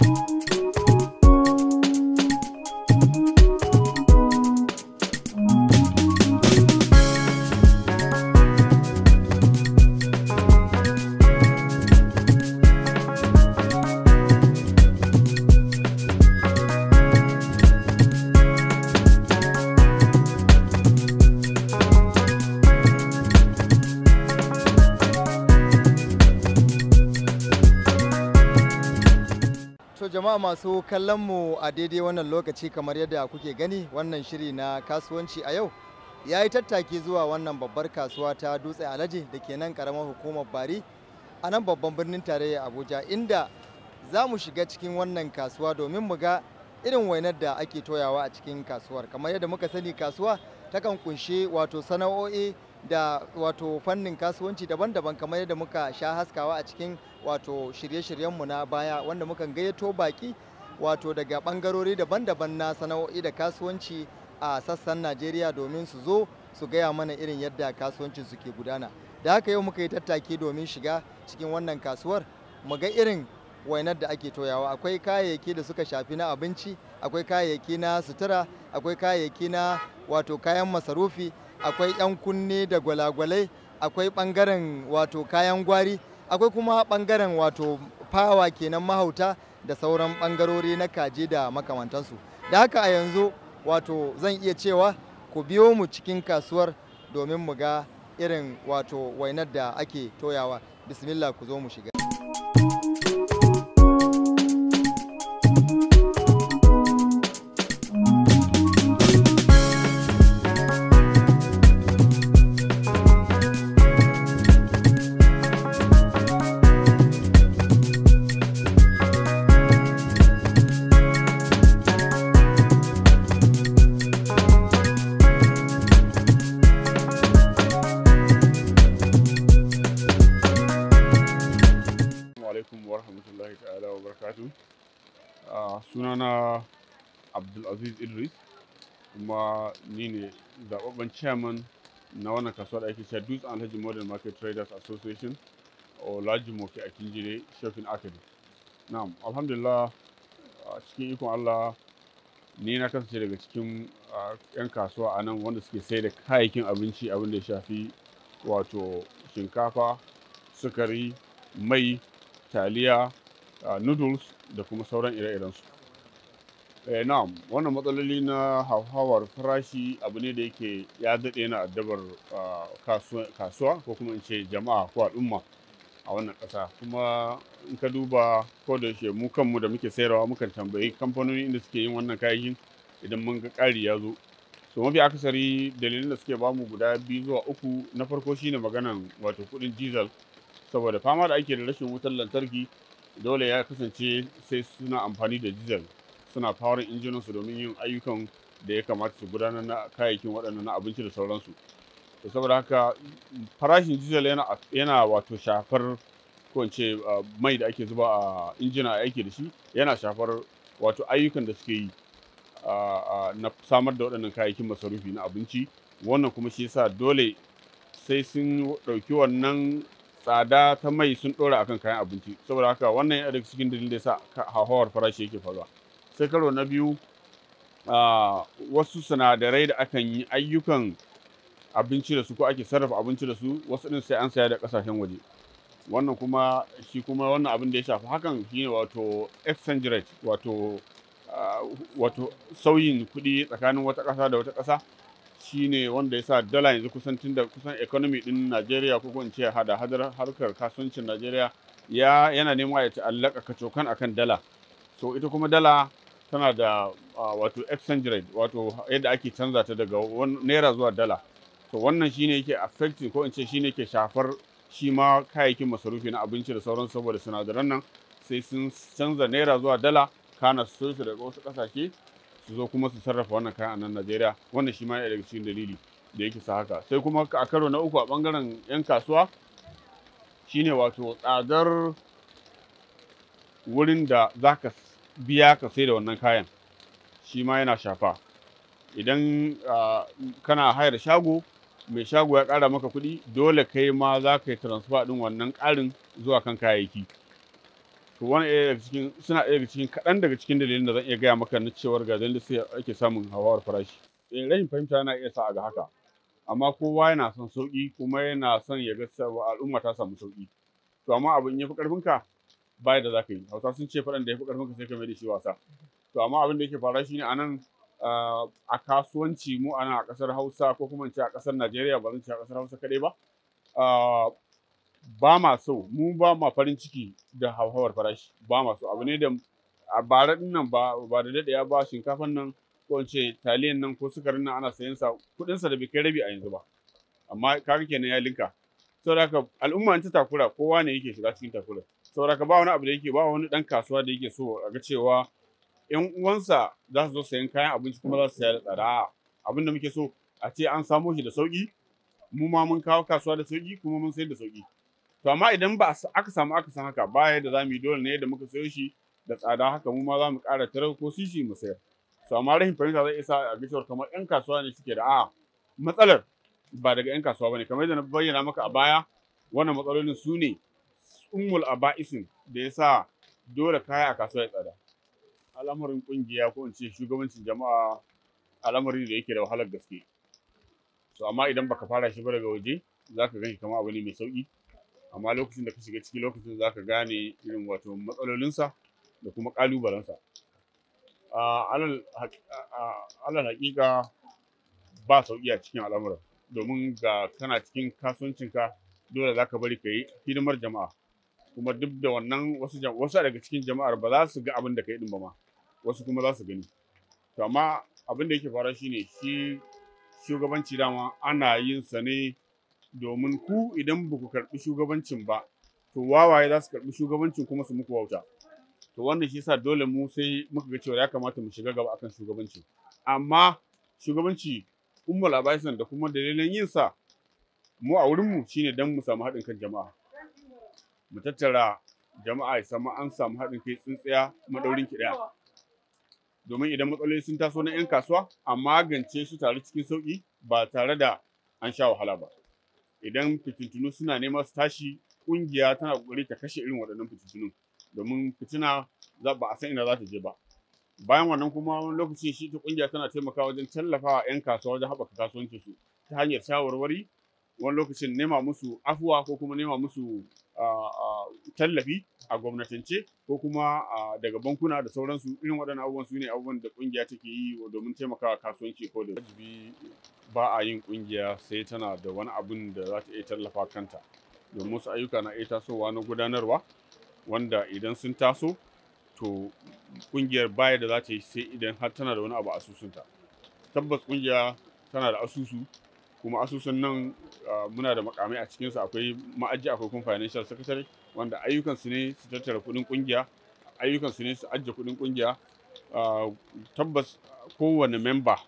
Thank you. jama'a masu kallon mu a daidai wannan lokaci kamar yadda kuke gani wannan shiri na kasuwanci a yau ya yi tattaki zuwa wannan babbar kasuwa ta dutse alaji da ke nan karamar hukumar bari a nan babban birnin tarayya abuja inda za mu shiga cikin wannan kasuwa domin mu ga irin wainar da ake toyawa a cikin kasuwar kamar yadda muka sani kasuwa ta kan kunshe wato sana'o'i da wato fannin kasuwanci daban-daban kamar yadda muka sha haskawa a cikin wato shirye-shiryenmu na baya wanda muka gayyato baki wato daga bangarori daban-daban na sana'o'i da kasuwanci a sassan najeriya domin su zo su gaya mana irin yadda kasuwancin su ke gudana da haka yau muka yi tattaki domin shiga cikin wannan kasuwar mu ga irin wainar da ake toyawa akwai kayayyaki da suka shafi na abinci akwai kayayyaki na sutura akwai kayayyaki na wato kayan masarufi akwai 'yan kunne da gwalagwalai akwai bangaren wato kayan gwari akwai kuma bangaren wato fawa kenan mahauta da sauran bangarori na kaji da makamantansu da haka a yanzu wato zan iya cewa ku biyo mu cikin kasuwar domin mu ga irin wato wainar da ake toyawa bismillah ku zo mu shiga Aziz Idris kuma ni ne zababben chairman na wannan kasuwa da ake cewa Dutsen Alhaji Modern Market Traders Association Olajumoke a Kinjire Shopping Academy. Na'am, alhamdulillah a cikin ikon Allah ni na kasance daga cikin 'yan kasuwa a nan wanda suke sai da kayayyakin abinci abin da ya shafi wato shinkafa, sukari, mai, taliya, noodles da kuma sauran ire-irensu. Eh, na'am wannan matsaloli na hauhawar farashi abu ne da yake ya daɗe na addabar ah, kasuwa ko kuma in ce jama'a ko al'umma a wannan ƙasa kuma in ka duba ko da yake mu kanmu da muke sayarwa mukan tambayi kamfanoni inda suke yin wannan kayayyakin idan mun ga ƙari ya zo to mafi akasari dalilin da suke bamu guda biyu zuwa uku na farko shine maganan wato kuɗin diesel saboda fama da ake da rashin wutar lantarki dole ya kasance sai suna amfani da diesel suna farin injinansu domin yin ayyukan da ya kamata su gudanar na kayayyakin waɗannan na abinci da sauransu to saboda haka farashin diesel yana yana wato shafar ko in mai da ake zuba a injina aiki da shi yana shafar wato ayyukan da suke yi na samar da waɗannan kayayyakin masarufi na abinci wannan kuma shi yasa dole sai sun ɗauki wannan tsada ta mai sun ɗora akan kayan abinci saboda haka wannan yana daga cikin dalilin da yasa hauhawar farashi yake faruwa sai karo na biyu wasu sinadarai da akan yi ayyukan abinci da su ko ake sarrafa abinci da su wasu ɗin sai an saya da ƙasashen waje wannan kuma shi kuma wannan abin da ya shafi hakan shine wato exchange rate wato wato sauyin kuɗi tsakanin wata ƙasa da wata ƙasa ne wanda ya sa dala yanzu kusan tun da kusan economy din Najeriya ko ko in ce hada hadar harkar kasuwancin Najeriya ya yana neman ya ta'allaka kacokan akan dala so ita kuma dala tana da wato exchange rate wato yadda ake canza ta daga naira zuwa dala to wannan shine yake affecting ko in ce shine yake shafar shi ma kayayyakin masarufi na abinci da sauran saboda sinadaran nan sai sun canza naira zuwa dala kana su su daga wasu kasashe su zo kuma su sarrafa wannan kayan a nan Najeriya wannan shi ma yana daga cikin dalili da yake sa haka sai kuma a karo na uku a bangaren 'yan kasuwa shine wato tsadar wurin da zaka ka biya ka sai da wannan kayan shi ma yana shafa idan kana hayar shago mai shago ya ƙara maka kuɗi dole kai ma za ka yi transfer ɗin wannan ƙarin zuwa kan kayayyaki to wani ɗaya cikin suna ɗaya daga cikin kaɗan daga cikin dalilin da zan iya gaya maka na cewar ga dalilin sai ake samun hawawar farashi in eh, rashin fahimta yana iya sa ga haka amma kowa yana son sauƙi kuma yana son ya ga al'umma ta samu sauƙi to amma abin ya fi ƙarfinka baya da za ka yi hausa sun ce faɗan da ya fi ƙarfin ka sai ka mai da shi wasa to amma abin da yake faruwa shine a nan a kasuwanci mu a nan a ƙasar hausa ko kuma in ce a ƙasar najeriya ba zan ce a ƙasar hausa kaɗai ba ba ma so mu ba ma farin ciki da hauhawar farashi ba ma so abu ne da a bara din nan ba ba da daɗaya ba shinkafan nan ko in ce taliyan nan ko sukarin nan ana sayan sa kuɗinsa da bai kai rabi a yanzu ba amma kaga kenan ya linka saboda haka al'umma ta takura kowa ne yake shiga cikin takura saboda ka ba wani abu da yake ba wani dan kasuwa da yake so a ga cewa yan uwansa za su zo sayan kayan abinci kuma za su sayar da tsada abin da muke so a ce an samo shi da sauki mu ma mun kawo kasuwa da sauki kuma mun sayar da sauki to amma idan ba aka samu aka san haka ba yadda za mu yi dole ne da muka sayo shi da tsada haka mu ma za mu ƙara tarar ko sisi mu sayar to amma rahin fahimta zai isa a gishiyar kamar yan kasuwa ne suke da a matsalar ba daga yan kasuwa bane kamar yadda na bayyana maka a baya wannan matsalolin su ne ummul aba'isin da ya sa dole kaya a kasuwa ya tsada al'amarin kungiya ko in ce shugabancin jama'a al'amari da yake da wahalar gaske So amma idan baka fara shi ba daga waje zaka gani kama abu ne mai sauki amma lokacin da ka shiga ciki lokacin zaka gane irin wato matsalolinsa da kuma kalubalensa alal hakika ba sauki a cikin al'amuran domin ga kana cikin kasuwancinka dole zaka bari ka yi hidimar jama'a kuma duk da wannan wasu wasu daga cikin jama'ar ba za su ga abin da kai din ba ma wasu kuma za su gani to amma abin da yake fara shine shi shugabanci dama ana yin sa ne domin ku idan ba ku karɓi shugabancin ba to wawaye za su karɓi shugabancin kuma su muku wauta to wannan shi yasa dole mu sai muka ga cewa ya kamata mu shiga gaba akan shugabanci amma shugabanci ummul abaisan da kuma dalilan yin sa mu a wurinmu shine dan mu samu haɗin kan jama'a mu tattara jama'a ya samu an samu haɗin kai tsintsiya maɗaurin ki domin idan matsaloli sun taso na 'yan kasuwa a magance su tare cikin sauƙi ba tare da an sha wahala ba idan fitintunu suna neman su tashi ƙungiya tana ƙoƙari ta kashe irin waɗannan fitintunun domin fitina ba a san ina za ta je ba bayan wannan kuma wani lokaci shi ta ƙungiya tana taimakawa wajen tallafawa 'yan kasuwa wajen haɓaka su, ta hanyar shawarwari wani lokacin nema musu afuwa ko kuma nema musu tallafi a gwamnatance ko kuma daga bankuna da sauransu irin waɗannan abubuwan su ne abubuwan da ƙungiya take yi domin taimakawa kasuwanci ko da wajibi ba a yin ƙungiya sai tana da wani abun da za ta iya tallafa kanta domin wasu ayyuka na iya tasowa na gudanarwa wanda idan sun taso to ƙungiyar baya da za ta yi sai idan har tana da wani abu asusunta tabbas ƙungiya tana da asusu kuma asusun nan muna da makamai a cikinsu akwai ma'aji akwai kuma financial secretary wanda ayyukansu ne su tattara kuɗin ƙungiya ayyukansu ne su ajiye kuɗin kungiya tabbas kowane memba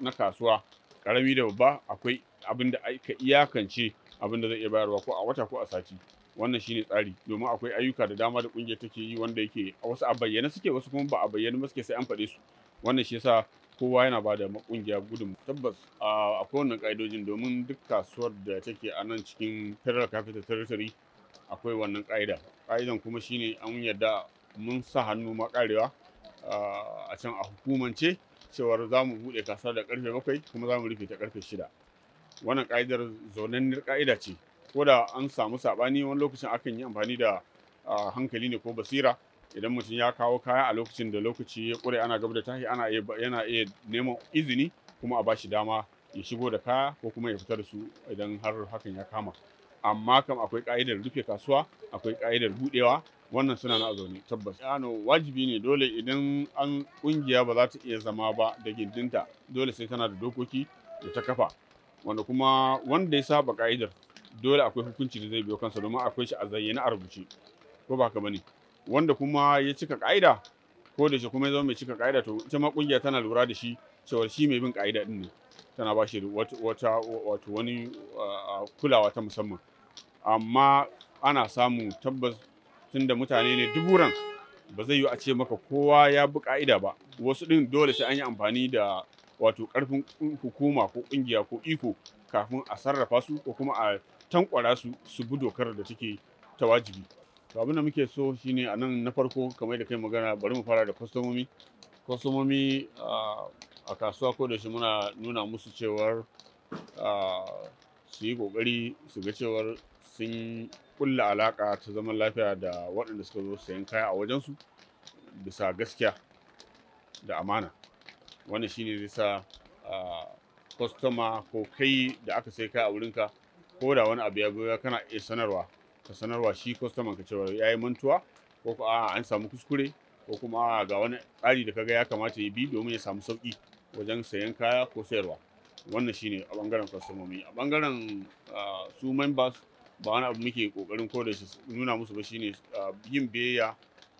na kasuwa karami da babba akwai abin da aka iyakance abin da zai iya bayarwa ko a wata ko a sati wannan shine tsari domin akwai ayyuka da dama da kungiya take yi wanda yake wasu a bayyane suke wasu kuma ba a bayyane ba suke sai an faɗe su wannan shi yasa kowa yana ba da kungiya gudun tabbas a kowane ƙa'idojin domin duk kasuwar da take a nan cikin federal capital territory akwai wannan ka'ida. ƙa'idan kuma shine an yadda mun sa hannu makarewa a can a hukumance cewar za mu buɗe kasuwar da karfe bakwai kuma za mu rufe ta karfe shida wannan ƙa'idar zonanniyar ka'ida ce ko da an samu saɓani wani lokacin akan yi amfani da hankali ne ko basira idan mutum ya kawo kaya a lokacin da lokaci ya ƙure ana gaba da tashi ana yana iya neman izini kuma a bashi dama ya shigo da kaya ko kuma ya fita da su idan har hakan ya kama amma kam akwai ka'idar rufe kasuwa akwai ka'idar budewa wannan suna na zaune tabbas yano wajibi ne dole idan an kungiya ba za ta iya zama ba da gindinta dole sai tana da dokoki da ta kafa wanda kuma wanda ya saba ka'idar dole akwai hukunci da zai biyo kansa domin akwai shi a zayyana a rubuce ko ba ka bane wanda kuma ya cika ƙa'ida ko da shi kuma ya zama mai cika ƙa'ida to ita ma ƙungiya tana lura da shi cewa shi mai bin ƙa'ida ɗin ne tana ba shi wata wato wani kulawa ta musamman amma ana samu tabbas tunda mutane ne duburan ba zai yi a ce maka kowa ya bi ƙa'ida ba wasu ɗin dole sai an yi amfani da wato ƙarfin hukuma ko ƙungiya ko iko kafin a sarrafa su ko kuma a tankwara su su bi dokar da take ta wajibi to abin da muke so shine a nan na farko kamar da kai magana bari mu fara da kwastomomi kwastomomi ah, a kasuwa ko da shi muna nuna musu cewar ah, su yi kokari su ga cewar sun kulla alaka ta zaman lafiya da waɗanda suka zo sayan kaya a wajensu bisa gaskiya da amana wannan shine zai sa ah, kwastoma ko kai da aka sai kai a wurinka ko da wani abu ya biyo kana iya sanarwa ka sanarwa shi kwastaman ka cewa ya yi mantuwa ko a an samu kuskure ko kuma ga wani tsari da kaga ya kamata ya bi domin ya samu sauki wajen sayan kaya ko sayarwa wannan shine a bangaren kwastomomi a bangaren su members ba wani abu muke ƙoƙarin ko da shi nuna musu ba shine yin biyayya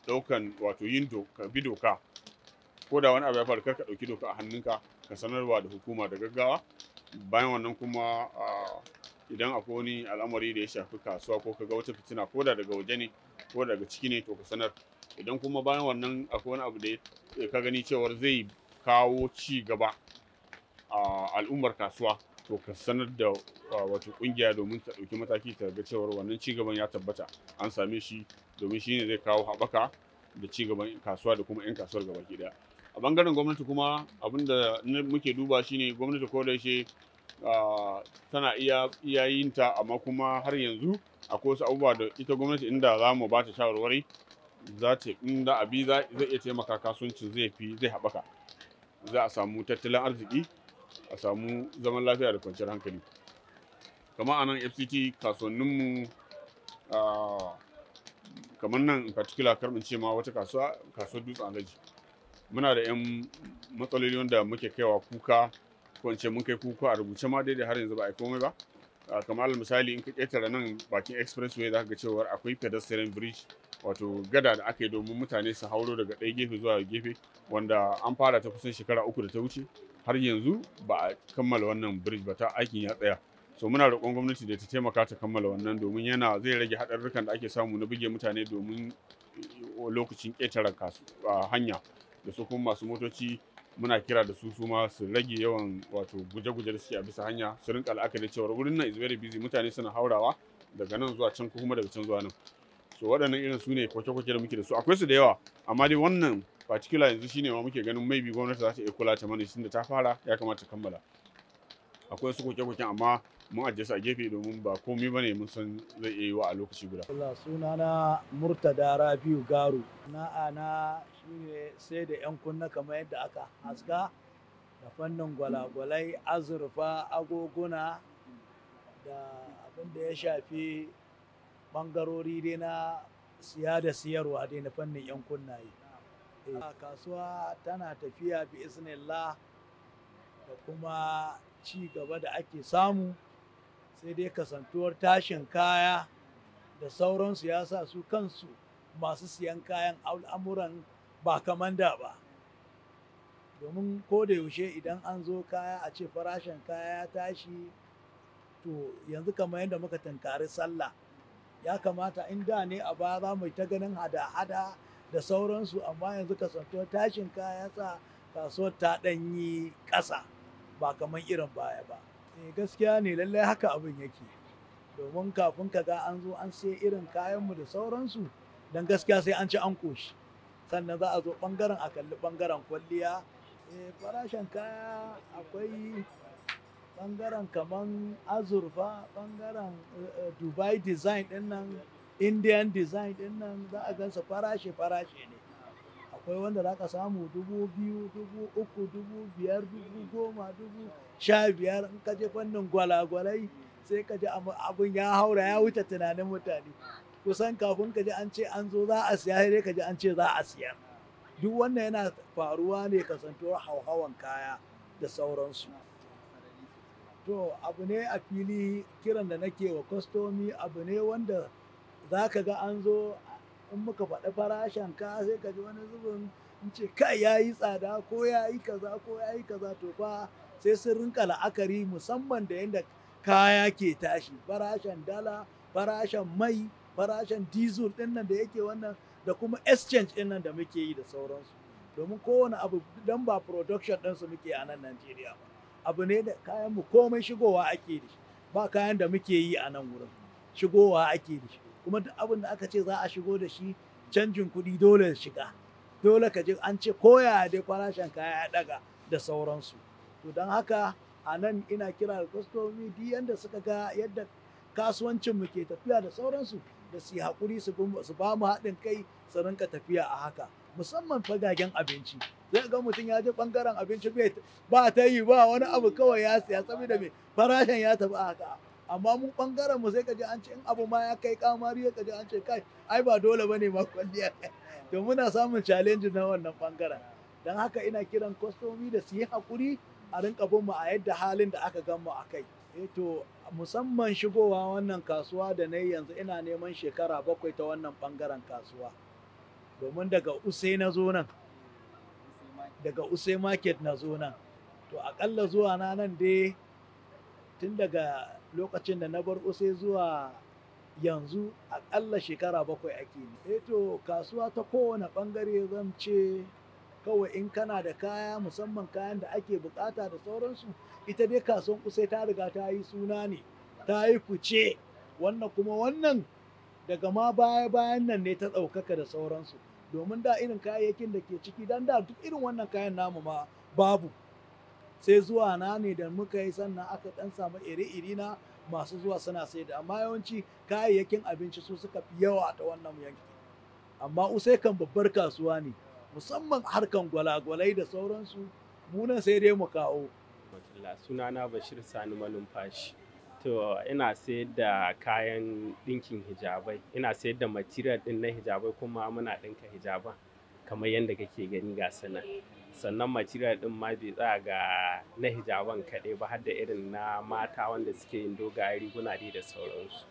ɗaukan wato yin doka bi doka ko da wani abu ya faru kar ka ɗauki doka a hannunka ka sanarwa da hukuma da gaggawa bayan wannan kuma idan akwai wani al'amari da ya shafi kasuwa ko kaga wata fitina ko da daga waje ne ko daga ciki ne to ku sanar idan kuma bayan wannan akwai wani abu da ya ka gani cewar zai kawo ci gaba a al'ummar kasuwa to ka sanar da wato kungiya domin ta ɗauki mataki ta ga cewar wannan ci gaban ya tabbata an same shi domin shine zai kawo haɓaka da ci gaban kasuwa da kuma 'yan kasuwar gabaki daya a bangaren gwamnati kuma abinda muke duba shine gwamnati ko da yaushe tana iya ta amma kuma har yanzu akwai wasu abubuwa da ita gwamnati inda za mu ba ta shawarwari za ta in da abi zai iya taimaka kasuwancin zai fi zai haɓaka za a samu tattalin arziki a samu zaman lafiya da kwanciyar hankali kamar a nan fct kasuwanninmu kamar nan in particular karɓin ce ma wata kasuwa kasuwar dutsen alhaji muna da 'yan matsaloli wanda muke kaiwa kuka ko ce mun kai kuku a rubuce ma daidai har yanzu ba a yi komai ba kamar misali in ka ƙetare nan bakin expressway za ka ga cewar akwai pedestrian bridge wato gada da aka yi domin mutane su hauro daga ɗaya gefe zuwa gefe wanda an fara ta kusan shekara uku da ta wuce har yanzu ba a kammala wannan bridge ba ta aikin ya tsaya so muna roƙon gwamnati da ta taimaka ta kammala wannan domin yana zai rage haɗarurrukan da ake samu na buge mutane domin lokacin ƙetaren hanya da su kuma masu motoci muna kira da su su ma su rage yawan wato guje-guje da suke a bisa hanya su rinka la'akari cewa wurin nan is very busy mutane suna haurawa daga nan zuwa can ko kuma daga can zuwa nan so waɗannan irin su ne kwake-kwake da muke da su akwai su da yawa amma dai wannan particular yanzu shine ma muke ganin maybe gwamnati za ta iya kula ta mana tunda ta fara ya kamata kammala akwai su kwake kwake amma mun ajiye a gefe domin ba komai ba ne mun san zai iya yi wa a lokaci guda. Allah suna na Murtada Rabiu Garu na'a na shine sai da yan kunna kamar yadda aka haska da fannin gwalagwalai azurfa agoguna da abin da ya shafi bangarori dai na siya da siyarwa dai na fannin yan kunnaye. Eh, kasuwa tana tafiya bi isnillah da kuma ci gaba da ake samu sai dai kasantuwar tashin kaya da sauransu ya sa su kansu masu siyan kayan al'amuran ba kaman da ba domin ko da yaushe idan an zo kaya a ce farashin kaya ya tashi to yanzu kamar yadda muka tunkari sallah ya kamata in da ne a baya za mu ta ganin hada-hada da sauransu amma yanzu kasantuwar tashin kaya sa kasuwar ta ɗanyi ƙasa ba kamar irin baya ba. Eh, gaskiya ne lallai haka abin yake domin kafin ka ga an zo an sai irin kayanmu da sauransu don gaskiya sai an ci an koshi sannan za a zo bangaren a kalli bangaren kwalliya eh, farashin kaya akwai bangaren kaman azurfa bangaren eh, dubai design din nan indian design din nan za a gansa farashi-farashi ne akwai wanda za ka samu dubu biyu dubu uku dubu biyar dubu goma dubu sha biyar in ka je fannin gwalagwalai sai ka ji abin ya haura ya wuce tunanin mutane kusan kafin ka ji an ce an zo za a siya sai ka ji an ce za a siya duk wannan yana faruwa ne kasantuwar hauhawan kaya da sauransu to abu ne a fili kiran da nake wa kwastomi abu ne wanda za ka ga an zo in muka faɗi farashin ka sai ka ji wani zubin in ce kai ya yi tsada ko ya yi kaza ko ya yi kaza to fa sai sun rinka la'akari musamman da yadda kaya ke tashi farashin dala farashin mai farashin diesel ɗin nan da yake wannan da kuma exchange ɗin nan da muke yi da sauransu domin kowane abu don ba production ɗinsu muke a nan Najeriya ba abu ne da kayan mu komai shigowa ake da shi ba kayan da muke yi a nan wurin shigowa ake da shi kuma duk abin da aka ce za a shigo da shi canjin kuɗi dole shiga dole ka je an ce koya dai farashin kaya ya daga da sauransu to don haka a nan ina kira da kwastomi duk yadda suka ga yadda kasuwancin mu ke tafiya da sauransu da su haƙuri su ba mu haɗin kai su rinka tafiya a haka musamman fagagen abinci zai ga mutum ya je ɓangaren abinci ba ta yi ba wani abu kawai ya siya saboda mai farashin ya tafi a haka amma mu bangaren mu sai ka an ce in abu ma ya kai kamari ka an ce kai ai ba dole bane ma kwalliya to muna samun challenge na wannan bangaren dan haka ina kiran kwastomi da su yi hakuri a rinka bin mu a yadda halin da aka gan mu a kai eh to musamman shigowa wannan kasuwa da na yanzu ina neman shekara bakwai ta wannan bangaren kasuwa domin daga usai na zo nan daga usai market na zo nan to akalla zuwa na nan dai tun daga lokacin da na bar sai zuwa yanzu aƙalla shekara bakwai ake yi. Eto eh kasuwa ta kowane ɓangare zan ce kawai in kana da kaya musamman kayan da ake bukata da sauransu ita dai kasuwan kusai ta riga ta yi suna ne ta yi fice. wannan kuma wannan daga ma baya bayan nan ne ta ɗaukaka da sauransu domin da irin kayayyakin da ke ciki dan da duk irin wannan kayan namu ma babu sai zuwa na ne da muka yi sannan aka dan samu iri-iri na masu zuwa suna sai da amma yawanci kayayyakin abinci su suka fi yawa ta wannan yanki amma usai kan babbar kasuwa ne musamman harkan gwalagwalai da sauransu munan sai dai mu kawo sunana bashir sani manumfashi to ina sayar da kayan ɗinkin hijabai ina sayar da material ɗin na hijabai kuma muna ɗinka hijaban kamar yadda kake gani ga sana sannan material din ma bai tsaya ga na hijaban kaɗai ba har da irin na mata wanda suke yin dogaye riguna dai da sauransu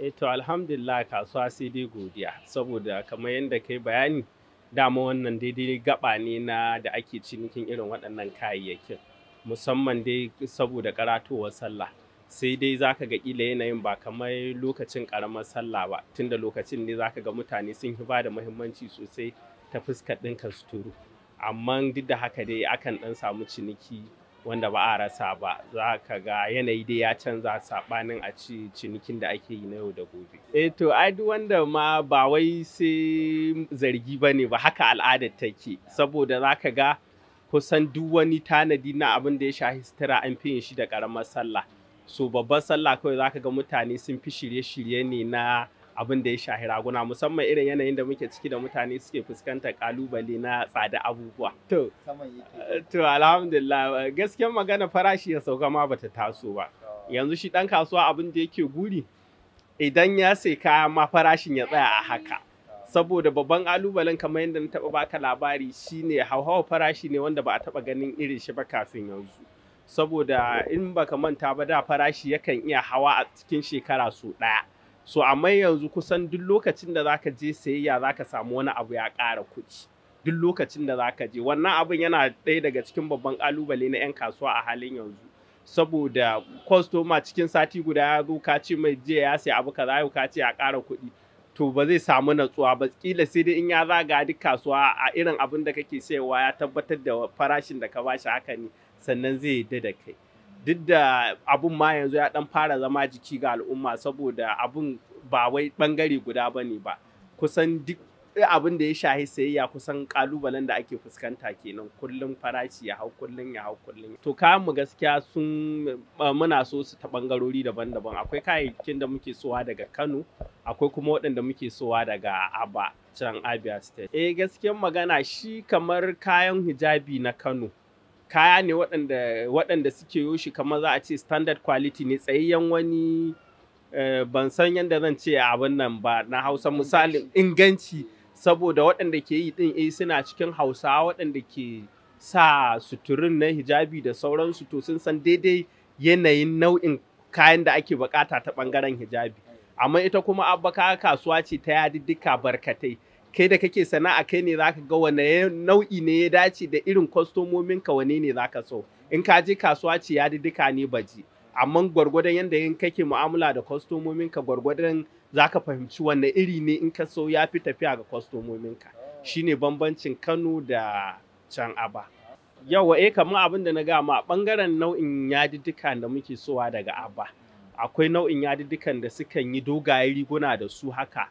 E to alhamdulillah kasuwa sai dai godiya saboda kamar yadda kai bayani dama wannan daidai gaba ne na da ake cinikin irin waɗannan kayayyakin musamman dai saboda karatowar sallah sai dai zaka ga ƙila yanayin ba kamar lokacin ƙaramar sallah ba tunda lokacin ne zaka ga mutane sun ba da muhimmanci sosai ta fuskar ɗinka suturu amma duk da haka dai akan ɗan samu ciniki wanda ba a rasa ba za ka ga yanayi dai ya canza saɓanin a ci cinikin da ake yi na yau da gobe. eh to ai duk wanda ma ba wai sai zargi ba ne ba haka al'adar take saboda za ka ga kusan duk wani tanadi na abin da ya sha histira an fi yin shi da ƙaramar sallah. So babban sallah kawai za ka ga mutane sun fi shirye-shirye ne na abin da ya shahi raguna musamman irin yanayin da muke ciki da mutane suke fuskantar kalubale na tsada abubuwa. To, to alhamdulillah gaskiyar magana farashi ya sauka ma bata taso ba. Yanzu shi ɗan kasuwa abin da yake guri idan ya sai kaya ma farashin ya tsaya a haka. Saboda babban kalubalen kamar yadda na taɓa baka labari shine hauhawar farashi ne wanda ba a taɓa ganin irin shi ba kafin yanzu. Saboda in baka manta ba da farashi yakan iya hawa a cikin shekara su ɗaya. so amma yanzu kusan duk lokacin da zaka je sayayya zaka samu wani abu ya ƙara kuɗi duk lokacin da zaka je wannan abun yana ɗaya daga cikin babban ƙalubale na 'yan kasuwa a halin yanzu saboda kwastoma cikin sati guda ya zo ka ce mai jiya ya sai abu kaza yau ka ce ya ƙara kuɗi to ba zai samu natsuwa ba kila sai dai in ya zaga duk kasuwa a irin abin da kake sayarwa ya tabbatar da farashin da ka bashi haka ne sannan zai yadda da kai duk da abun ma yanzu ya dan fara zama jiki ga al'umma saboda abun ba wai bangare guda ba ne ba kusan duk abin da ya shahi sayayya kusan kalubalen da ake fuskanta kenan kullum farashi ya hau kullum ya hau kullum to kayan mu gaskiya sun muna so su ta bangarori daban-daban akwai kayayyakin da muke sowa daga Kano akwai kuma waɗanda muke sowa daga Aba can Abia State eh gaskiyan magana shi kamar kayan hijabi na Kano kaya ne waɗanda waɗanda suke yi shi kamar za a ce standard quality ne tsayayyen wani eh, ban san yadda zan ce abin nan ba na hausa misalin inganci saboda waɗanda ke yi ɗin eh suna cikin hausa waɗanda ke sa suturin na hijabi da sauransu to sun san daidai yanayin nau'in kayan da ake bukata ta ɓangaren hijabi amma ita kuma abba kasuwa ce ta yadi duka barkatai kai da kake sana'a kai ne zaka ga wane nau'i ne ya dace da irin kwastomomin ka wane ne zaka so in ka je kasuwa ce ya duka ne baji amma gwargwadon yadda in kake mu'amala da kwastomomin ka gwargwadon zaka fahimci wanne iri ne in ka so ya fi tafiya ga kwastomomin ka shine bambancin Kano da can aba yawa eh kamar abin da na ga ma bangaren nau'in yadiddika da muke sowa daga aba akwai nau'in yadiddikan da sukan yi dogayen riguna da su haka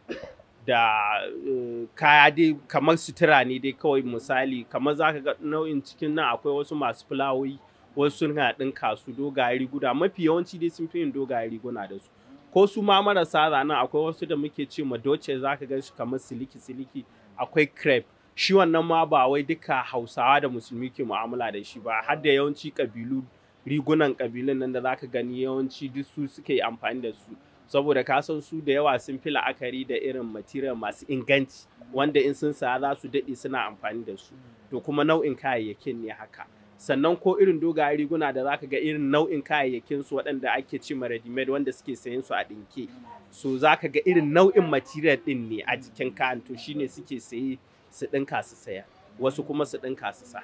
da eh, kaya dai kamar sutura ne dai kawai misali kamar za ka ga nau'in cikin nan akwai wasu masu fulawoyi wasu suna ɗinka su dogaye riguna mafi yawanci dai sun fi yin dogaye riguna da su ko su ma marasa ranar akwai wasu da muke ce ma doce za ka gan shi kamar siliki siliki akwai crepe shi wannan ma ba wai duka hausawa da musulmi ke mu'amala da shi ba har da yawanci kabilu rigunan kabilun nan da za ka gani yawanci duk su suke amfani da su saboda ka san su da yawa sun fi la'akari da irin material masu inganci wanda in sun saya za su daɗe suna amfani da su to kuma nau'in kayayyakin ne haka sannan ko irin dogaye riguna da zaka ga irin nau'in kayayyakin su waɗanda ake ci ready made wanda suke sayan su a ɗinke so zaka ga irin nau'in material ɗin ne a jikin kayan to shine suke saye su ɗinka su saya wasu kuma su ɗinka su sa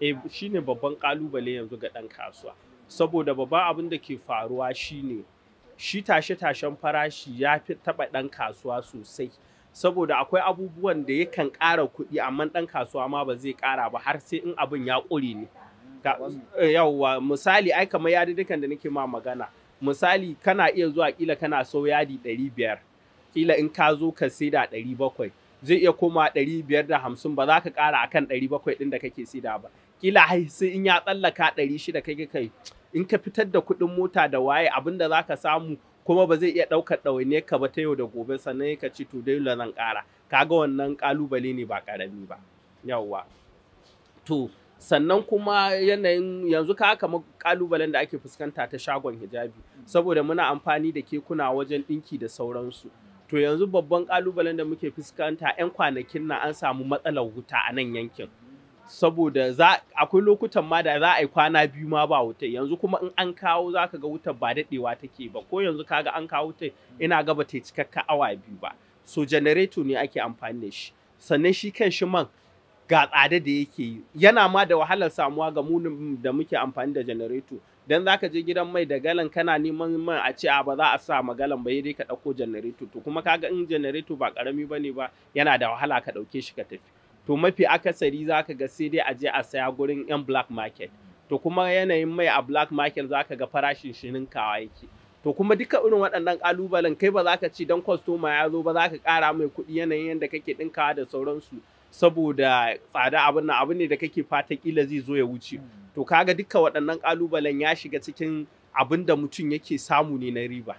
e shine babban kalubale yanzu ga ɗan kasuwa saboda babban abin da ke faruwa shine shi tashe-tashen farashi ya fi taɓa ɗan kasuwa sosai saboda akwai abubuwan da yakan ƙara kuɗi amma ɗan kasuwa ma ba zai ƙara ba har sai in abin ya ƙure ne eh, yawwa misali ai kamar yadidikan da nake ma magana misali kana iya zuwa kila kana so yadi ɗari biyar kila in ka zo ka saida ɗari bakwai zai iya koma ɗari biyar da hamsin ba za ka ƙara akan ɗari bakwai ɗin da kake saida ba kila sai in ya tsallaka ɗari shida kai kai in ka fitar da kuɗin mota da waye abin da ka samu kuma ba zai iya ɗaukar ɗawaine ka ba ta yau da gobe sannan ka ci to dai zan ƙara kaga wannan ƙalubale ne ba ƙarami ba yawwa to sannan kuma yanayin yanzu ka kama ƙalubalen da ake fuskanta ta shagon hijabi saboda muna amfani da kekuna wajen ɗinki da sauransu to yanzu babban ƙalubalen da muke fuskanta 'yan kwanakin na an samu matsalar wuta a nan yankin saboda za akwai lokutan ma da za a yi kwana biyu ma ba wuta yanzu kuma in an kawo za ka ga wutar ba daɗewa take ba ko yanzu kaga an kawo wutar ina ga ba ta yi awa biyu ba so janareto ne ake amfani da shi sannan shi kan shi man ga tsada da yake yi yana ma da wahalar samuwa ga mu da muke amfani da janareto dan ka je gidan mai da galan kana neman man a ce a ba za a sa magalan ba dai ka ɗauko janareto to kuma kaga in janareto ba ƙarami ne ba yana da wahala ka ɗauke shi ka tafi to mafi akasari za ka ga sai dai a je a saya gurin 'yan black market to kuma yanayin mai a black market za ka ga farashin shi ninkawa yake to kuma duka irin waɗannan ƙalubalen kai ba za ka ci don kwastoma ya zo ba za ka ƙara mai kuɗi yanayin yadda kake ɗinkawa da sauransu saboda tsada abin nan abu ne da kake fata kila zai zo ya wuce to kaga duka waɗannan ƙalubalen ya shiga cikin abin da mutum yake samu ne na riba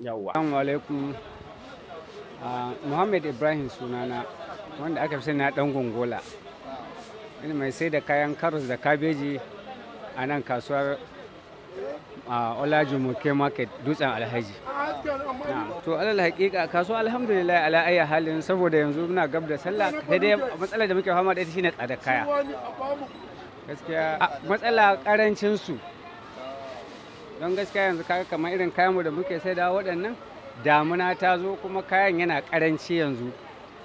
yawwa assalamu alaikum ah, muhammad ibrahim sunana wanda aka fi na dan gongola ina mai sai da kayan karos da kabeji a nan kasuwar moke market dutsen alhaji to alal hakika kasuwa alhamdulillah ala ayya halin saboda yanzu muna gab da sallah da dai matsalar da muke fama da ita shine tsada kaya gaskiya matsala karancin su don gaskiya yanzu kaga kamar irin kayanmu da muke sai da waɗannan damuna ta zo kuma kayan yana karanci yanzu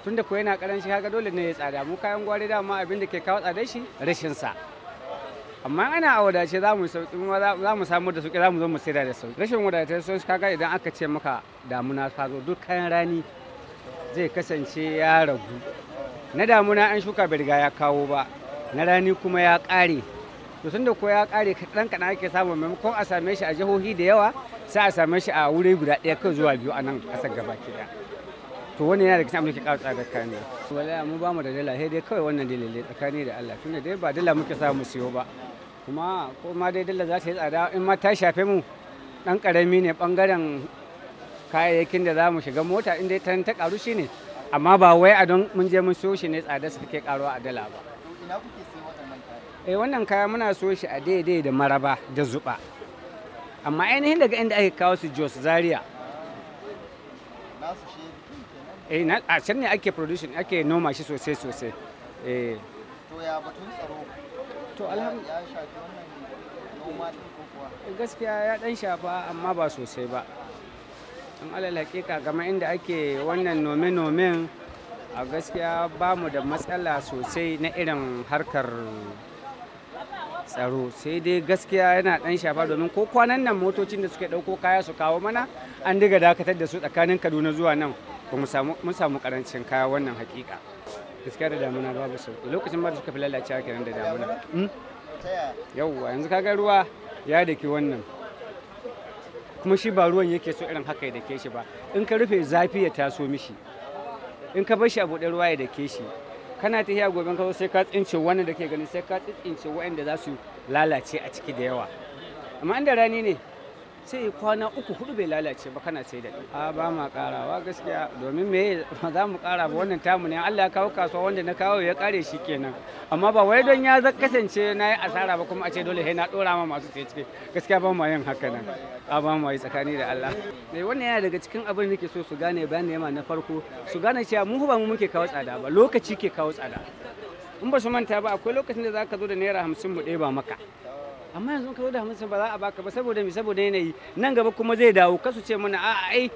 tunda ko yana karanci haka dole ne ya tsada mu kayan gwari ma abin da ke kawo tsada shi rashin sa amma ana a wadace za mu za mu samu da sauki za mu zo mu saida da sauki rashin wadace sun kaga idan aka ce maka damuna ta zo duk kayan rani zai kasance ya ragu na damuna an shuka bai riga ya kawo ba na rani kuma ya kare to tunda ko ya kare kaɗan kaɗan ake samu maimakon a same shi a jihohi da yawa sai a same shi a wuri guda ɗaya kai zuwa biyu a nan ƙasar gaba ki to wani yana da kisan abin kawo tsagar kayan nan wala mu ba mu da dala sai dai kawai wannan dalilai tsakani da Allah tunda dai ba dala muke samu siyo ba kuma ko ma dai dala za ta yi tsada in ma ta shafe mu dan karami ne bangaren kayayyakin da za mu shiga mota in dai ta ta karu shine amma ba wai a don mun je mun siyo shi ne tsada su take karuwa a dala ba ina eh wannan kaya muna so shi a daidai da maraba da zuba amma ainihin daga inda ake kawo su Jos Zaria Eh, a can ne ake production ake noma shi sosai sosai eh. to ya batun tsaro to alhamdulillah eh, gaskiya ya dan shafa amma ba sosai ba in alal hakika inda ake wannan nome-nomen a gaskiya ba mu da matsala sosai na irin harkar tsaro sai dai gaskiya yana dan shafa domin ko kwanan nan motocin da suke dauko kaya su kawo mana an diga dakatar da su tsakanin kaduna zuwa nan ba mun samu karancin kaya wannan hakika gaskiya da damuna babu sauki lokacin ma suka fi lalacewa kenan da damuna hmm? yauwa yanzu kaga ruwa ya ke wannan kuma shi ba ruwan yake so irin haka ya ke shi ba in ka rufe zafi ya taso mishi in ka bar shi a buɗe ruwa ya dake shi kana ta hiya gobe ka sai ka tsince wannan da ke gani sai ka tsince waɗanda za su lalace a ciki da yawa amma inda rani ne ce kwana uku hudu bai lalace ba kana sai da a ba ma karawa gaskiya domin me za mu kara ba wannan tamu ne Allah ya kawo kasuwa wanda na kawo ya kare shi kenan amma ba wai don ya kasance na yi asara ba kuma a ce dole sai na dora ma masu sai cike gaskiya ba mu yin haka nan a ba mu yi tsakani da Allah mai eh, wannan yana daga cikin abin da nake so su gane bayan yamma na farko su gane cewa mu ba mu muke kawo tsada ba lokaci ke kawo tsada in ba su manta ba akwai lokacin da za ka zo da naira hamsin mu ba maka amma yanzu ka zo da hamsin ba za a baka ba saboda me saboda yanayi nan gaba kuma zai dawo ka su ce mana a ai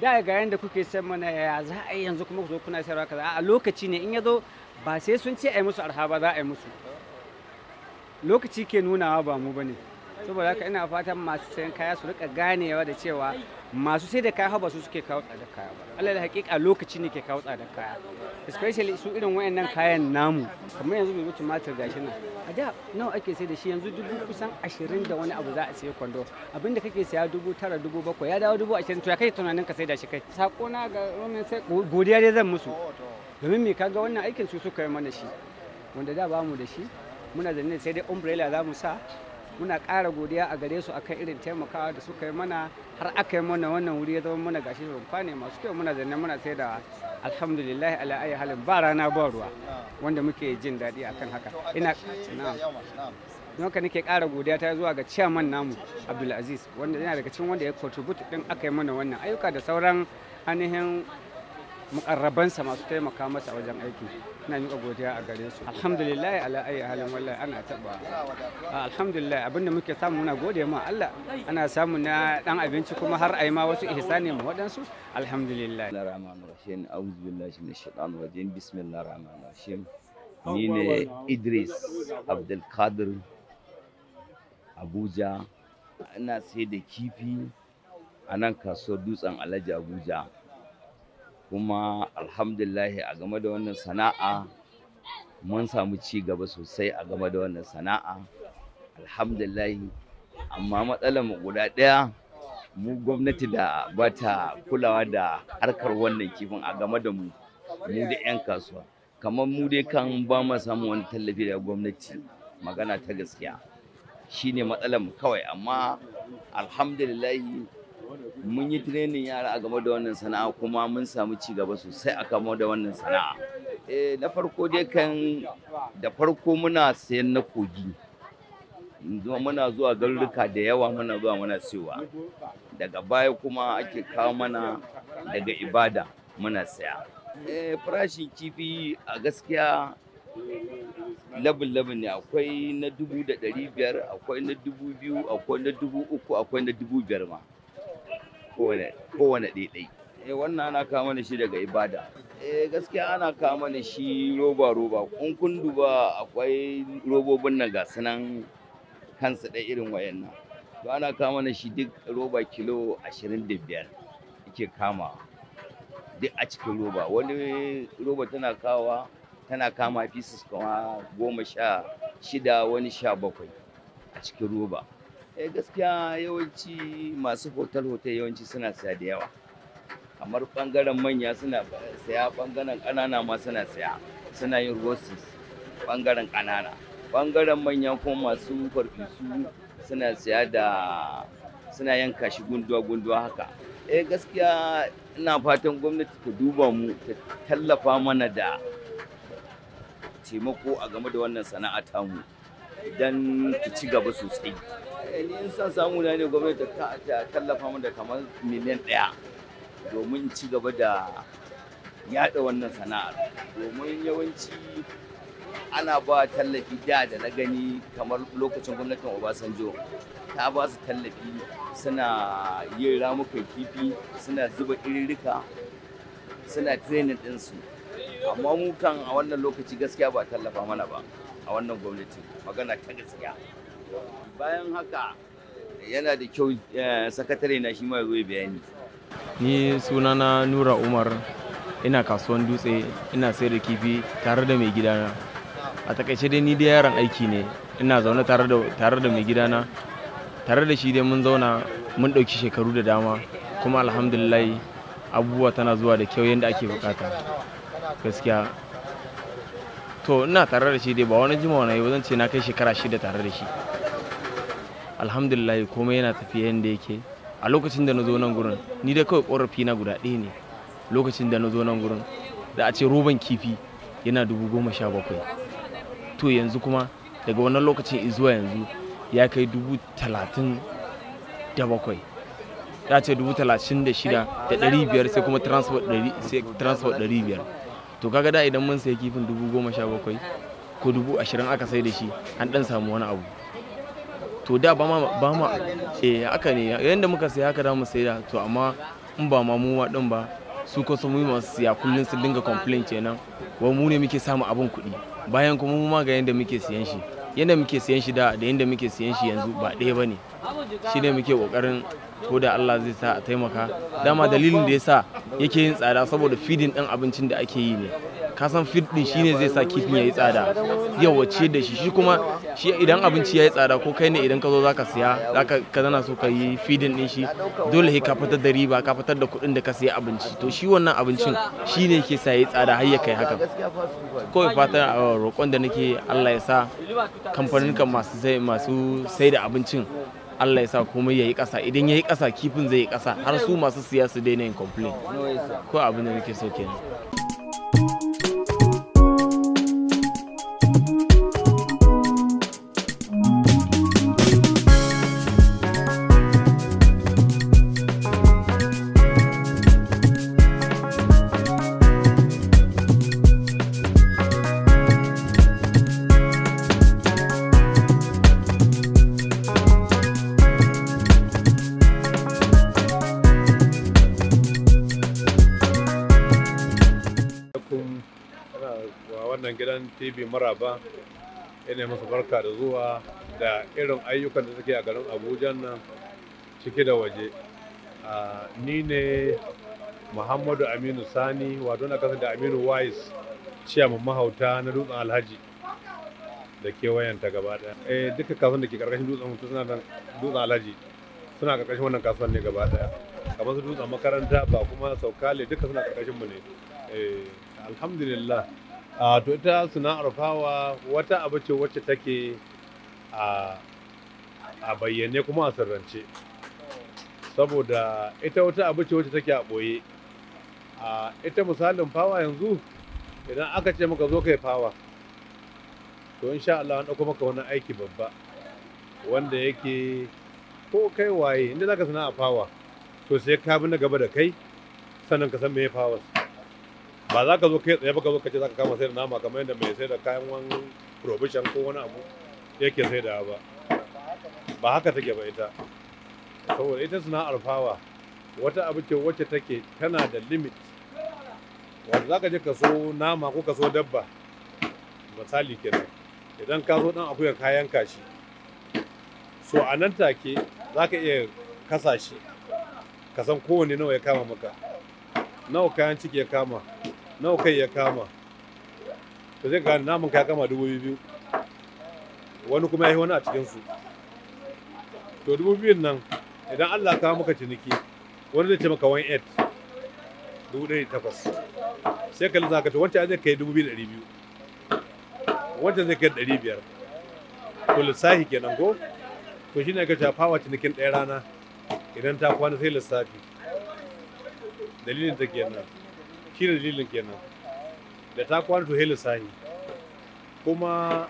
da ga yanda kuke san mana ya za a yi yanzu kuma ku zo kuna sayarwa kaza a lokaci ne in ya zo ba sai sun ce a yi musu arha ba za a yi musu lokaci ke nunawa ba mu bane saboda haka ina fatan masu sayan kaya su rika ganewa da cewa masu sai da kaya ba su suke kawo tsadar kaya ba Allah da hakika lokaci ne ke kawo tsadar kaya especially su irin wayannan kayan namu kamar yanzu bai wuce matar gashi nan a da nawa ake sai da shi yanzu dubu kusan ashirin da wani abu za a sayi kwando abinda kake saya dubu tara dubu bakwai ya dawo dubu ashirin to ya kai tunanin ka sai da shi kai sako na ga roman sai godiya dai zan musu domin me kaga wannan aikin su suka yi mana shi wanda da ba mu da shi muna da ne sai dai umbrella za mu sa muna ƙara godiya a gare su akan irin taimakawa da suka yi mana har aka yi mana wannan wuri ya zama mana gashi rumfa ne masu kyau muna zanne muna sai da alhamdulillah ala ayi halin ba rana ba ruwa wanda muke jin daɗi akan haka ina don haka nake ƙara godiya ta zuwa ga chairman namu abdulaziz wanda yana daga cikin wanda ya contribute din aka yi mana wannan ayyuka da sauran ainihin mukarrabansa masu taimaka masa wajen aiki na miƙa godiya a gare su alhamdulillah ala ayi halin wallahi ana taba ah, alhamdulillah abinda muke samu muna gode ma Allah ana samu na dan abinci kuma har ai ma wasu ihsani mu wadansu alhamdulillah rahman rahim a'udhu billahi minash shaitani rajim bismillahir rahmanir rahim ni ne Idris Abdul Qadir Abuja ana sai da kifi a nan kasuwar dutsen Alhaji Abuja kuma alhamdulahi a game da wannan sana'a mun samu ci gaba sosai a game da wannan sana'a alhamdulahi amma matsalar mu guda ɗaya mu gwamnati da ba ta kulawa da harkar wannan kifin a game da mu mu da 'yan kasuwa kamar mu dai kan ba mu samu wani tallafi da gwamnati magana ta gaskiya shine matsalar mu kawai amma alhamdulillahi mun yi training yara a game da wannan sana'a kuma mun samu ci gaba sosai a game da wannan sana'a eh na farko dai kan da farko muna sayan na kogi muna zuwa garuruka da yawa muna zuwa muna siyowa daga baya kuma ake kawo mana daga ibada muna saya eh farashin kifi a gaskiya labin-labin ne akwai na dubu da ɗari biyar akwai na dubu biyu akwai na dubu uku akwai na dubu biyar ma kowane kowane ɗaiɗai eh wannan ana kama da shi daga ibada eh gaskiya ana kama da shi roba roba in kun duba akwai robobin nan ga sanan kansa da irin wayannan to ana kama da shi duk roba kilo 25 yake kama duk a cikin roba wani roba tana kawa tana kama pieces kama goma sha shida wani sha bakwai a cikin roba eh gaskiya yawanci masu hotel hotel yawanci suna siya da yawa kamar bangaren manya suna saya bangaren ƙanana ma suna saya suna yin roses bangaren ƙanana bangaren manya ko masu farfisu suna saya da suna yanka shi gunduwa-gunduwa haka eh gaskiya ina fatan gwamnati ta duba mu ta tallafa mana da taimako a game da wannan sana'a tamu. mu don ki ci gaba sosai eh, ni in san samu na ne gwamnati ta tallafa mu da kamar miliyan ɗaya domin ci gaba da yada wannan sana'ar domin yawanci ana ba tallafi da da na gani kamar lokacin gwamnatin obasanjo ta ba su tallafi suna yin ramukan kifi suna zuba iririka suna training ɗinsu amma mu kan a wannan lokaci gaskiya ba tallafa mana ba a wannan gwamnati magana ta gaskiya bayan haka yana da kyau eh, sakatare na shi ma zai bayani ni sunana nura umar ina kasuwan dutse ina sayar da kifi tare da mai gidana a takaice dai ni dai yaran aiki ne ina zaune tare da mai gidana tare da shi dai mun zauna mun ɗauki shekaru da dama kuma alhamdulillah abubuwa tana zuwa da kyau yadda ake bukata gaskiya to ina tare da shi dai ba wani jima wani ba zan ce na kai shekara shida tare da shi alhamdulillah komai yana tafiya yadda yake a lokacin da na zo nan gurin ni da kawai korafi na guda ɗaya ne lokacin da na zo nan gurin da a ce roban kifi yana dubu goma sha bakwai to yanzu kuma daga wannan lokacin zuwa yanzu ya kai dubu talatin da bakwai ya ce dubu talatin da shida da ɗari biyar sai kuma transport ɗari biyar to kaga da idan mun sayi kifin dubu goma sha bakwai ko dubu ashirin aka sai da shi an dan samu wani abu to da ba ma ba ma eh, haka ne yanda muka sayi haka da mu sayi da to amma in ba ma mu din ba su mu masu siya kullun su dinga complain kenan wa mu ne muke samu abin kuɗi bayan kuma mu ma ga yanda muke siyan shi yanda muke siyan shi da da yanda muke siyan shi yanzu ba ɗaya ba ne shi ne muke ƙoƙarin ko da Allah zai sa a taimaka dama dalilin da ya sa yake yin tsada saboda feeding ɗin abincin da ake yi ne ka san feed din shine zai sa kifin ya yi tsada yawace da shi shi kuma shi idan abinci ya yi tsada ko kai ne idan ka zo zaka siya zaka ka zana so ka yi feeding din shi dole ka fitar da riba ka fitar da kuɗin da ka siya abinci to shi wannan abincin shine yake sa ya yi tsada har ya kai haka kawai fatan roƙon da nake Allah ya sa kamfanin kan masu sai da abincin Allah ya sa komai ya yi ƙasa idan ya ƙasa kifin zai yi ƙasa har su masu siya su daina yin complain ko abin da nake so kenan maraba ina masa barka da zuwa da irin ayyukan da suke a garin abuja nan ciki da waje ni ne muhammadu aminu sani wato na kasa da aminu wise ciyaman mahauta na dutsen alhaji da kewayenta gaba daya eh duka kasuwan da ke karkashin dutsen suna suna dutsen alhaji suna karkashin wannan kasuwan ne gaba daya kamar su dutsen makaranta ba kuma saukale duka suna karkashin mu ne eh alhamdulillah to ita sana'ar fawa wata abu ce wacce take a bayyane kuma a sirrance saboda ita wata abu ce wacce take a ɓoye a ita misalin fawa yanzu idan aka ce maka zo kai fawa to insha Allah an ɗauko maka wani aiki babba wanda yake ko kai waye inda zaka sana'a fawa to sai ka bi na gaba da kai sannan ka san me ya fawa ba za ka zo kai tsaye ba ka zo ka ce za ka kama sayar nama kamar yadda mai sayar da kayan wani provision ko wani abu yake sayar da ba ba haka take ba ita saboda ita suna fawa wata abu ce wacce take tana da limit wanda za ka je ka so nama ko ka so dabba misali kenan idan ka zo dan akuyar kayan kashi so a nan take za ka iya kasa shi ka san kowane nawa ya kama maka nawa kayan ciki ya kama nawa kai ya kama to zai gane namun ka kama dubu biyu wani kuma ya yi wani a cikinsu to dubu biyun nan idan allah ka maka ciniki wani zai ce maka 1.8 dubu ɗari takwas sai ka lissa ka to wancan zai kai dubu biyu ɗari biyu wancan zai kai ɗari biyar to lissafi kenan ko to shine ka ta fawa cinikin ɗaya rana idan ta kwana sai lissafi dalilin ta kenan shi ne dalilin kenan da ta kwana to hela sahi kuma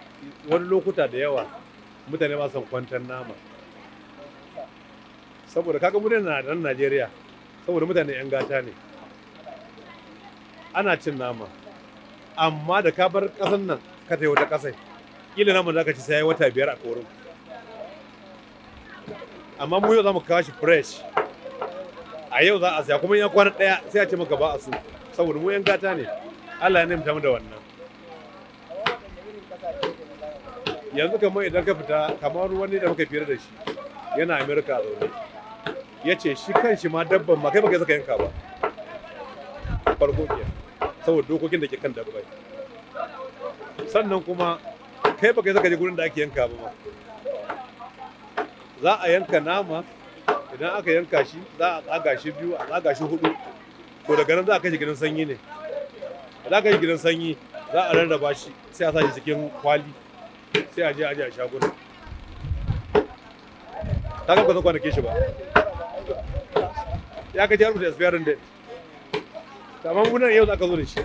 wani lokuta da yawa mutane ba san kwantar nama saboda kaga mutane na dan Najeriya saboda mutane yan gata ne ana cin nama amma da ka bar kasan nan ka tayi wata kasai kila nama da ka ci sai wata biyar a korin amma mu yau za mu kawo shi fresh a yau za a saya kuma ya kwana ɗaya sai a ce maka ba a so saboda mu yan gata ne Allah ya nemta mu da wannan yanzu kamar idan ka fita kamar wani da muka fira da shi yana Amerika a zaune ya ce shi kan shi ma dabban ma kai baka saka yanka ba farko ke saboda dokokin da ke kan dabbai sannan kuma kai baka saka je gurin da ake yanka ba za a yanka nama idan aka yanka shi za a tsaga shi biyu a tsaga shi hudu to daga nan za a kai shi gidan sanyi ne za aka yi gidan sanyi za a rarraba shi sai a sa shi cikin kwali sai a je a je a shaguna ta ga kwasan kwanake shi ba ya kaji har mutu expiring date amma munan yau za ka zo da shi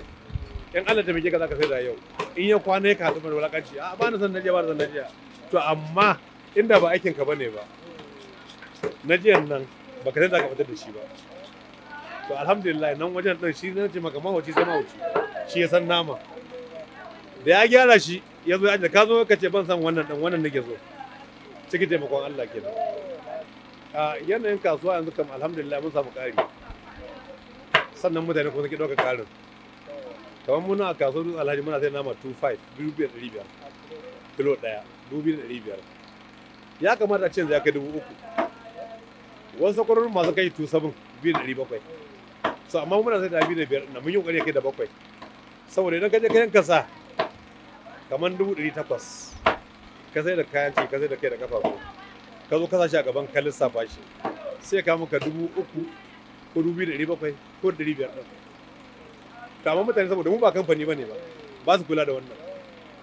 yan Allah ta mike ka za ka sai da yau in ya kwana ya kasu mai wulakanci a ba na san najiya ba na san najiya to amma inda ba aikin ka bane ba na jiyan nan baka san da aka fitar da shi ba to alhamdulillah nan wajen ɗin shi na ce maka mahauci sai wacce shi ya san nama da ya gyara shi ya zo ya ajiye ka zo ka ce ban san wannan ɗan wannan nake zo cikin taimakon Allah kenan a yanayin kasuwa yanzu kam alhamdulillah mun samu ƙari sannan mutane kuma suke ɗaukar ƙarin kamar muna a kasuwar dutse alhaji muna sai nama 25 2500 kilo ɗaya 2500 ya kamata a ce yanzu ya kai dubu uku wasu sakwarorin masu kai tu sabon biyu da ɗari bakwai so amma muna sai da biyu da biyar na mun yi ya kai da bakwai saboda idan ka je ka yanka kamar dubu ɗari takwas ka sai da kayan ce ka sai da kai da kafafu ka zo kasashe shi a gaban ka lissafa shi sai ka maka dubu uku ko dubu biyu da ɗari bakwai ko ɗari biyar ɗin to amma mutane saboda mu ba kamfani ba ne ba ba su kula da wannan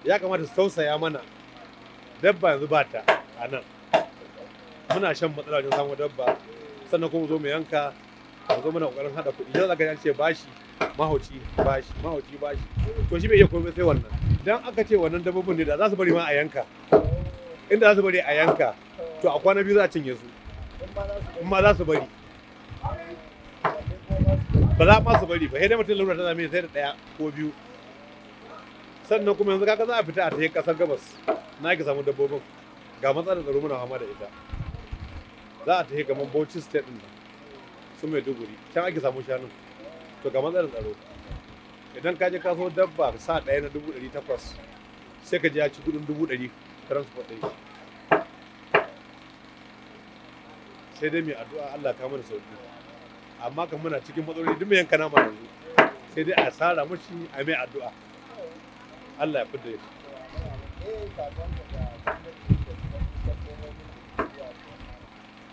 ya kamata su tausaya mana dabba yanzu ba ta a nan muna shan matsala wajen samun dabba sannan kuma zo mu yanka a zo muna kokarin hada kuɗi yanzu aka ce bashi mahauci bashi mahauci bashi to shi bai iya komai sai wannan idan aka ce wannan dabbobin ne da za su bari ma a yanka inda za su bari a yanka to a kwana biyu za a cinye su in ma za su bari ba za ma su bari ba sai dai mutum lura ta zame sai da ɗaya ko biyu sannan kuma yanzu kaga za a fita a tafi kasar gabas na ki samu dabbobin ga matsalar tsaro muna fama da ita za a tafi gaban bauchi state din su mai duguri can ake samu shanu? to ga matsalar tsaro idan ka je ka so dabba sa ɗaya na dubu ɗari takwas sai ka je ya ci kuɗin dubu ɗari transport ɗari sai dai mai addu'a Allah ka mana sauki amma kan muna cikin matsaloli duk mai yanka nama yanzu sai dai a sara mashi a mai addu'a Allah ya da shi.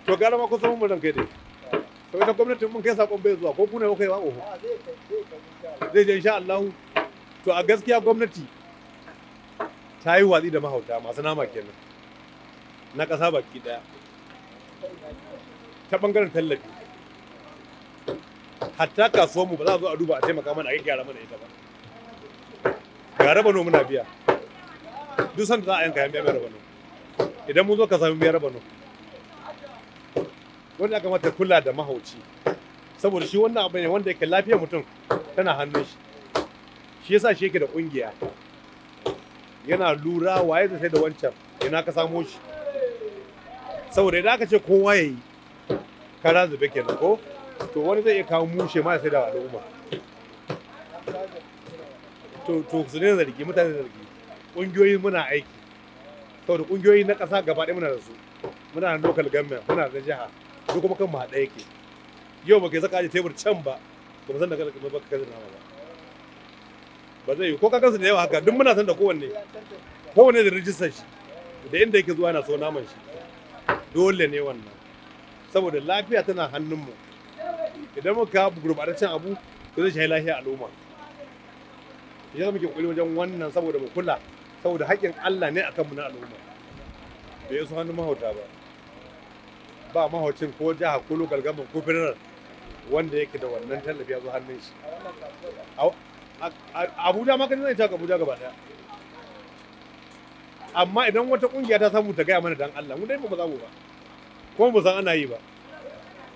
to gara ma samun san mun dai to idan gwamnatin mun kai sakon bai zuwa ko kuna ne kuka oho ah, zai je insha Allah to a gaskiya gwamnati ta yi watsi da mahauta masu nama kenan na ƙasa baki ɗaya ta ɓangaren tallafi hatta mu ba za a zo a duba a taimaka mana a gyara mana ita ba ga rabano muna biya duk sanda za a yanka yan biya mai rabano idan mun zo ka sami biya rabano wanda ya kamata kula da mahauci saboda shi wannan abu ne wanda yake lafiyar mutum tana hannun shi shi yasa shi yake da kungiya yana lura waye zai sai da wancan ina ka samo shi saboda idan aka ce kowa ya yi kara zube kenan ko to wani zai iya kawo mushe ma sai da al'umma to to su ne zargi mutane zargi kungiyoyi muna aiki saboda kungiyoyi na ƙasa gaba ɗaya muna da su muna da local government muna da jiha duk kuma kan maɗa yake yau ba kai zaka aje tebur can ba ba mu san da ba ka kai nama ba ba zai yi ko ka kansu da yawa haka duk muna san da kowanne kowanne da rijistar shi da inda yake zuwa na so naman shi dole ne wannan saboda lafiya tana hannun mu. idan muka gurbataccen abu to zai shi lafiya al'umma ya muke kokari wajen wannan saboda mu kula saboda haƙƙin Allah ne akan mu na al'umma bai su hannun mahauta ba ba mahaucin ko jihar kulu local government ko federal wanda yake da wannan tallafi ya zo hannun shi abuja ma kan zai ta abuja gaba daya amma idan wata kungiya ta samu ta gaya mana dan Allah mu dai ba za mu ba ko ba san ana yi ba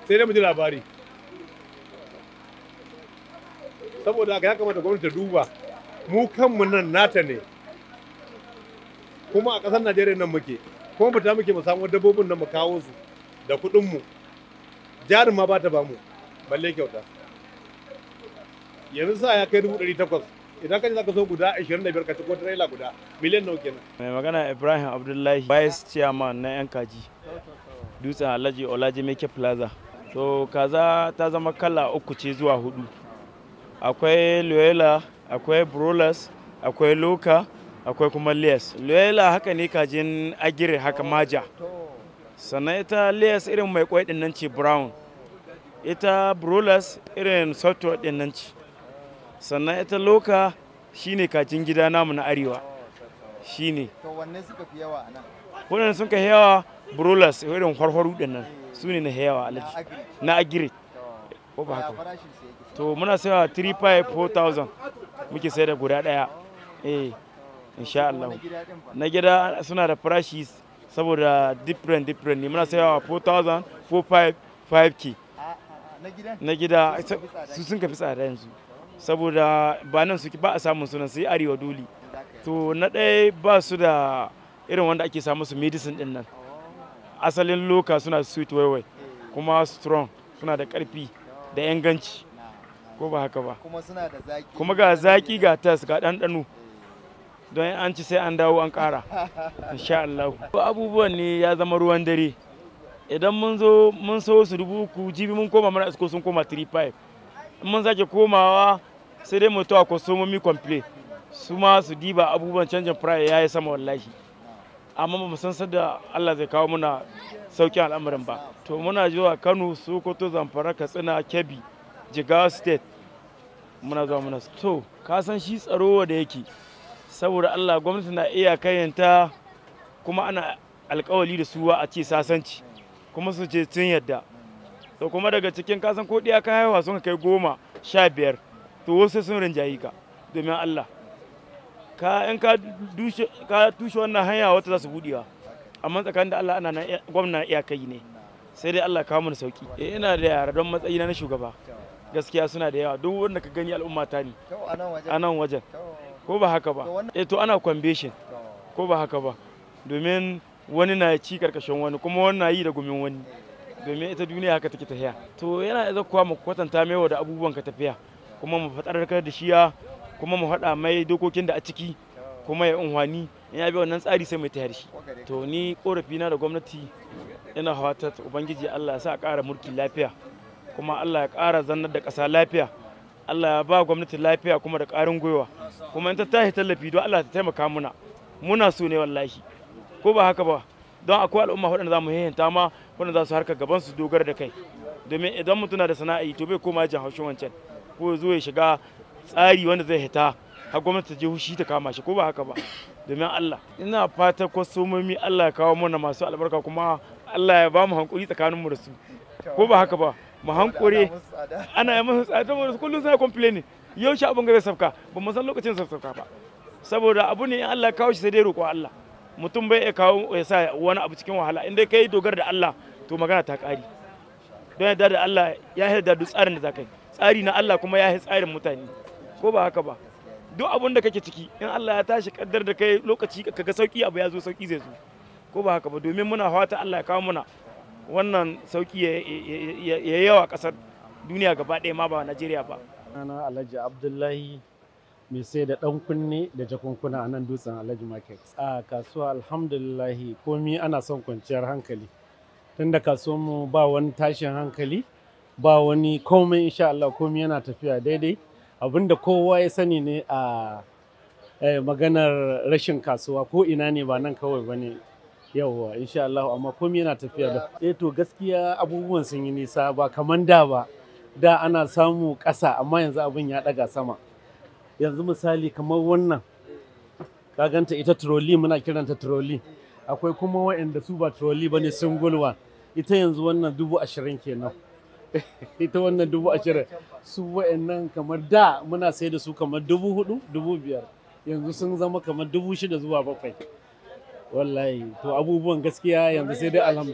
sai dai mu ji labari saboda haka ya kamata gwamnati ta duba mu kanmu nan nata ne kuma a ƙasar najeriya nan muke kuma ba ta muke mu samu dabbobin nan mu kawo su da kuɗin jarin ma ba ta bamu balle kyauta yanzu sa ya kai dubu takwas idan ka za ka so guda 25 ka ci ko trailer guda miliyan nawa kenan mai magana ibrahim abdullahi vice chairman na yan kaji dutsen alhaji olaji meke plaza To kaza ta zama kala uku ce zuwa hudu akwai loyola akwai brolas akwai loka akwai kuma lias loyola haka ne kajin agire haka maja sannan ita layers irin mai kwai din nan ce brown ita broilers irin software din nan ce sannan ita loka shine kacin gida namu na arewa shine to wanne suka fi yawa anan wannan sun ka yawa broilers irin harharu din nan su ne na yawa alaji na agire ko ba haka to muna sayawa 35 4000 muke sayar da guda daya eh insha Allah na gida suna da farashi saboda different different ne muna sayawa 4000 4500 k na gida su sun kafi tsada yanzu saboda ba nan suke ba a samun sunan sai arewa doli to na ɗaya ba su da irin wanda ake samu su medicine din nan asalin loka suna sweet waiwai kuma strong suna da ƙarfi da inganci ko ba haka ba kuma ga zaki ga tas ga ɗanɗano don an ci sai an dawo an ƙara insha Allah abubuwan ne ya zama ruwan dare idan mun zo mun so su dubu uku jibi mun koma mana isko sun koma 35 in mun sake komawa sai dai mu tawa mi complain su ma su diba abubuwan canjin price ya yi sama wallahi amma ba mu san sadda Allah zai kawo muna sauki al'amarin ba to muna zuwa Kano Sokoto Zamfara Katsina Kebbi Jigawa State muna zuwa muna to ka san shi tsaro da yake saboda allah gwamnati na iya kayanta kuma ana alkawali da suwa a ce sasanci kuma su ce sun yadda to kuma daga cikin kasan ko ɗiya ka haihuwa sun kai goma sha biyar to wasu sun rinjayi ka domin allah ka in ka tushe wannan hanya wata za su buɗewa amma tsakanin da allah ana gwamna iya kai ne sai dai allah kawo mana sauki eh, ina da yara don matsayina na shugaba gaskiya suna da yawa duk wanda ka gani al'umma ta ne a nan wajen ko ba haka ba eh to ana kwambeshin ko ba haka ba domin wani na ci karkashin wani kuma wani na yi da gumin wani domin ita duniya haka take tafiya to yana da kuwa mu kwatanta mai da abubuwan ka tafiya kuma mu faɗarkar da shiya kuma mu faɗa mai dokokin da a ciki kuma ya unhwani in ya bi wannan tsari sai mai ta shi to ni korafi na da gwamnati ina hawata ubangiji Allah ya sa ƙara mulki lafiya kuma Allah ya ƙara zannar da ƙasa lafiya Allah ya ba gwamnati lafiya kuma da ƙarin gwiwa kuma in ta tashi tallafi don Allah ta taimaka muna muna so ne wallahi ko ba haka ba don akwai al'umma waɗanda za mu hihinta ma waɗanda za su harka gaban su dogara da kai domin idan mutum na da sana'a to bai koma jin haushin wancan ko zo ya shiga tsari wanda zai hita har gwamnati ta je hushi ta kama shi ko ba haka ba domin Allah ina ko kwastomomi Allah ya kawo mana masu albarka kuma Allah ya ba mu hankuri tsakaninmu da su ko ba haka ba mu hankure ana yi musu tsada saboda kullum suna complaining yau shi abin ga zai safka ba mu san lokacin sa safka ba saboda abu ne in Allah kawo shi sai dai roƙo Allah mutum bai iya kawo ya sa wani abu cikin wahala in dai kai dogara da Allah to magana ta ƙari don yadda da Allah ya yarda da tsarin da za kai tsari na Allah kuma ya yi tsarin mutane ko ba haka ba duk abun da kake ciki in Allah ya tashi kaddar da kai lokaci ga sauki abu ya zo sauki zai zo ko ba haka ba domin muna fata Allah ya kawo muna wannan sauki ya yawa kasar duniya gaba ɗaya ma ba najeriya ba ana alhaji abdullahi mai sai da ɗan kunne da jakunkuna a nan dutsen alhaji market a kasuwa alhamdulillahi komi ana son kwanciyar hankali tunda mu ba wani tashin hankali ba wani komai insha Allah komi yana tafiya daidai abinda kowa ya sani ne a eh, maganar rashin kasuwa ko ina ne ba nan kawai ba ne yawwa insha Allah amma komai yana tafiya da eh to gaskiya abubuwan sun yi nisa ba kaman da ba da ana samu ƙasa amma yanzu abin ya daga sama yanzu misali kamar wannan ka ganta ita trolley muna kiranta trolley akwai kuma waɗanda su ba trolley bane sun gulwa. ita yanzu wannan dubu ashirin kenan ita wannan dubu ashirin su waɗannan kamar da muna sai da su kamar dubu hudu dubu biyar yanzu sun zama kamar dubu shida zuwa bakwai wallahi to abubuwan gaskiya yanzu sai dai alham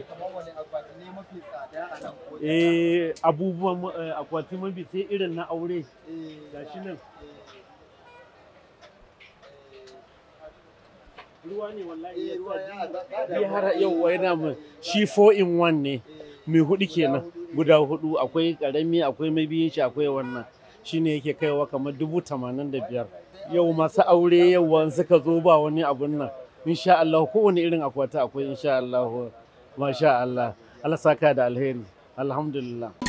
eh abubuwan eh, akwati mafi sai irin na aure gashi nan ruwa ne wallahi ya yau shi 4 ne mai hudu kenan guda hudu akwai karami akwai shi akwai yake kaiwa kamar dubu tamanin da biyar yau masu aure yau wani suka zo ba wani abun nan insha Allah kowane irin akwata akwai insha Allah masha Allah Allah saka da alheri alhamdulillah